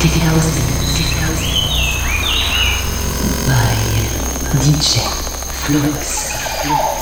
Digital by DJ Flux. Flux.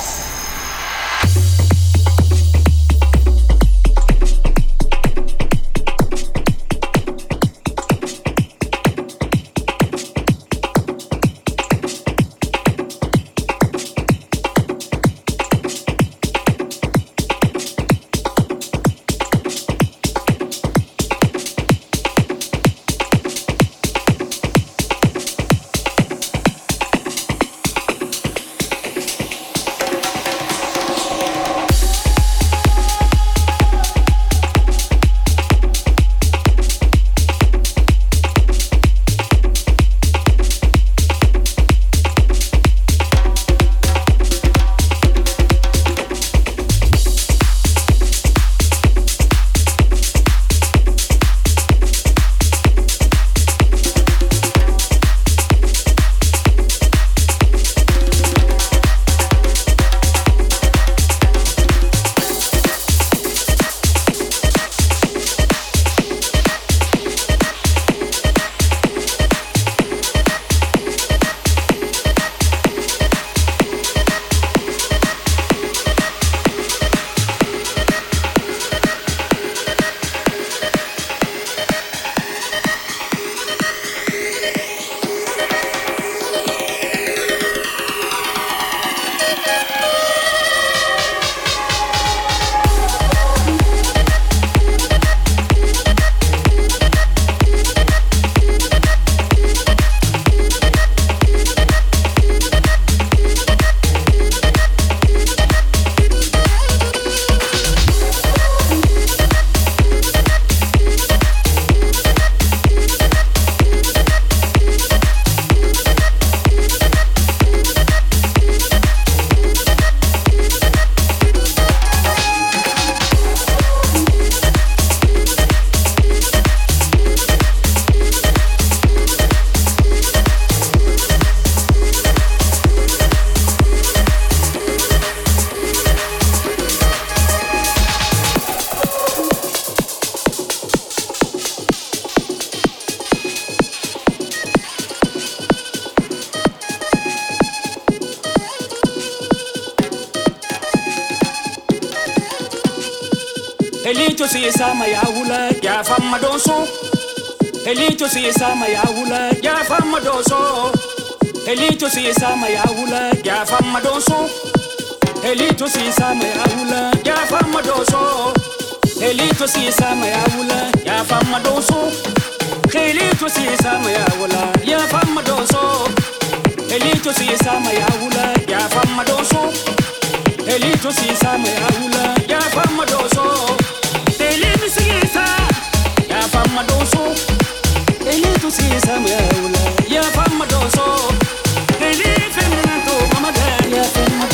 Elito si sama ya wula ya fama doso Elito si esa maya ya fama doso Elito si sama ya wula ya fama doso Elito si esa maya ya fama doso Elito si sama ya wula ya fama doso Elito si sama ya wula ya fama doso Elito si esa ya wula ya fama doso si ya ya fama doso Elitusiisamu ya ula ya famu doso Elifimina tu mama dani ya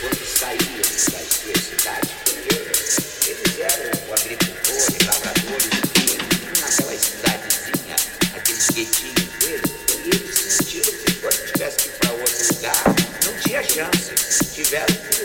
quando saíam da universidade primeiro, eles eram o agricultores, o e naquela cidadezinha, aqueles guetinhos deles, e eles sentiram que quando tivesse que ir para outro lugar, não tinha chance. Tiveram que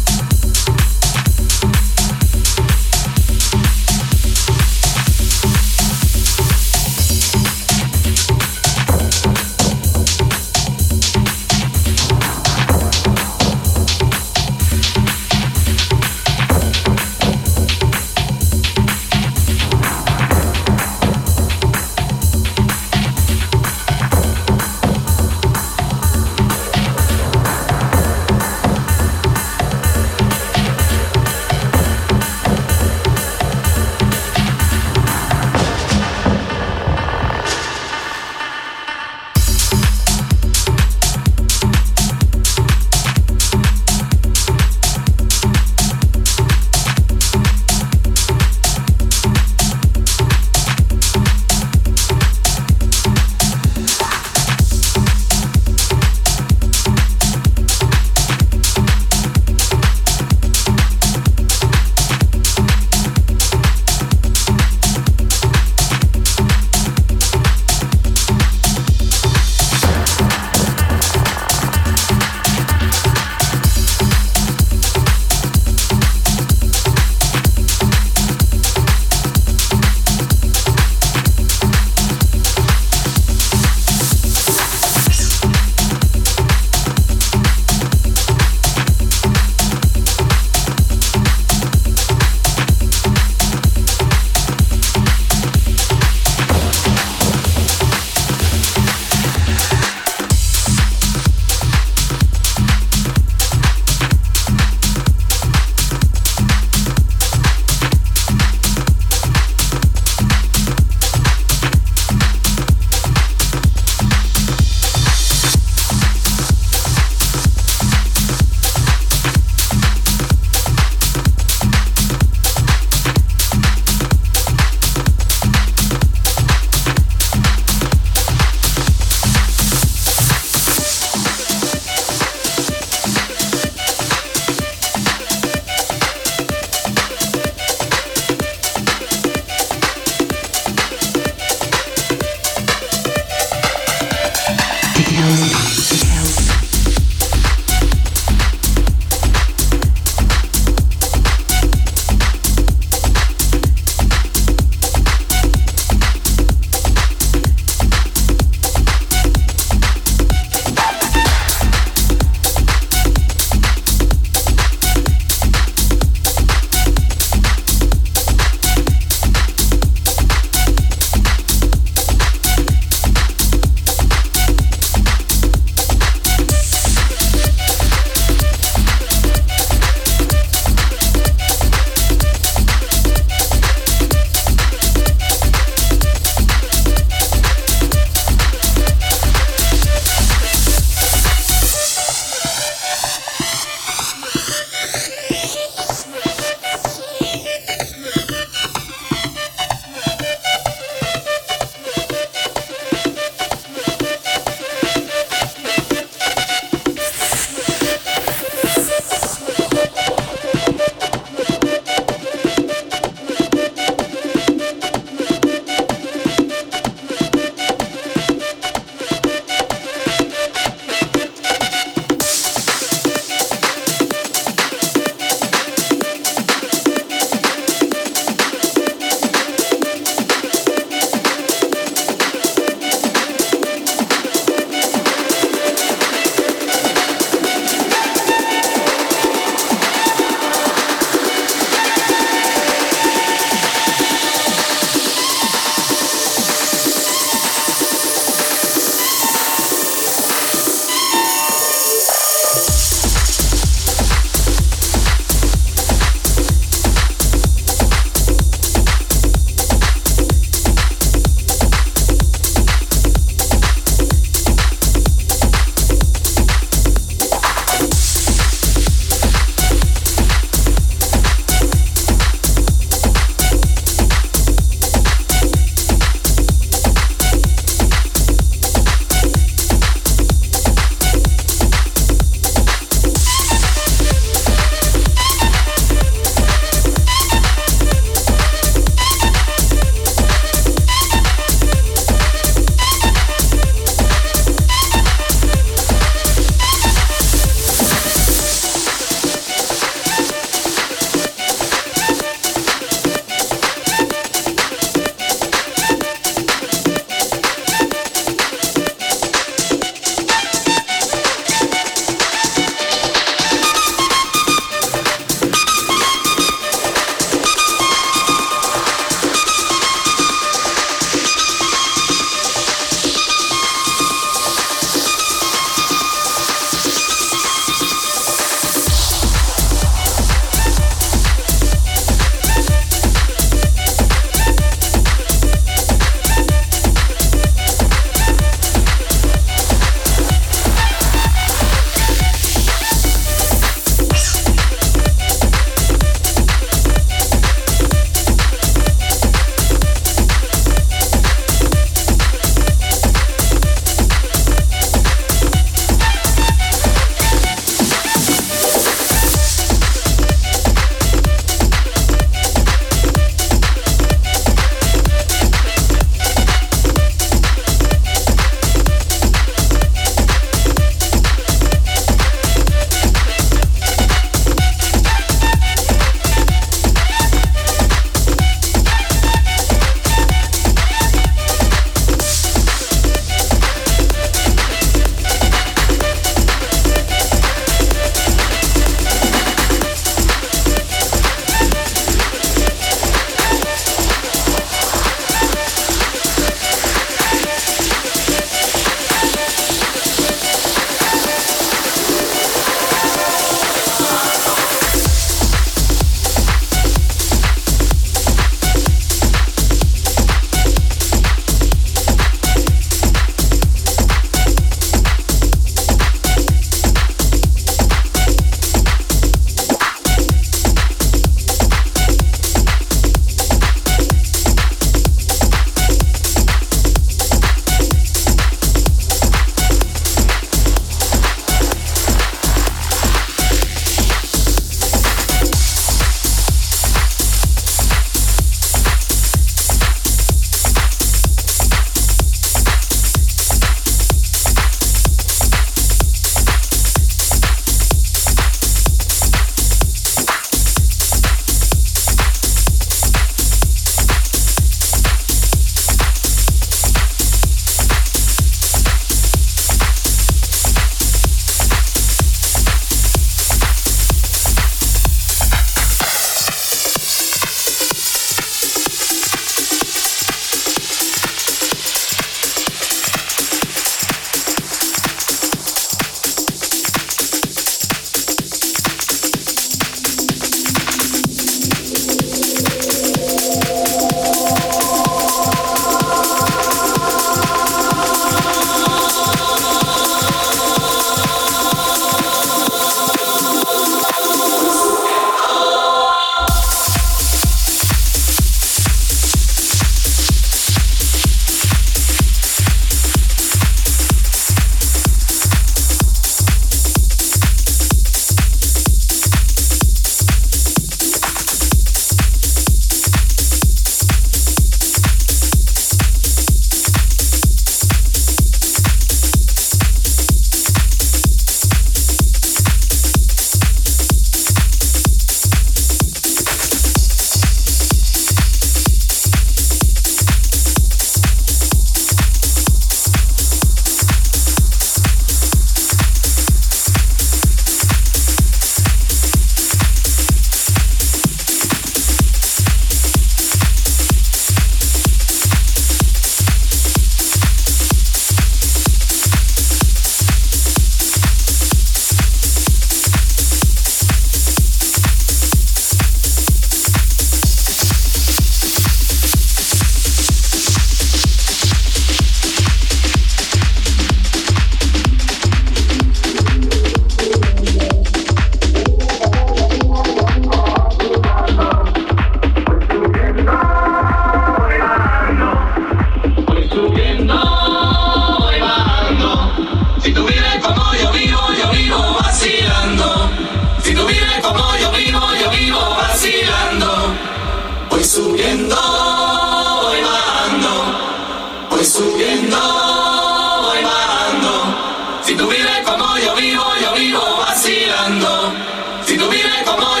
Si tú vives como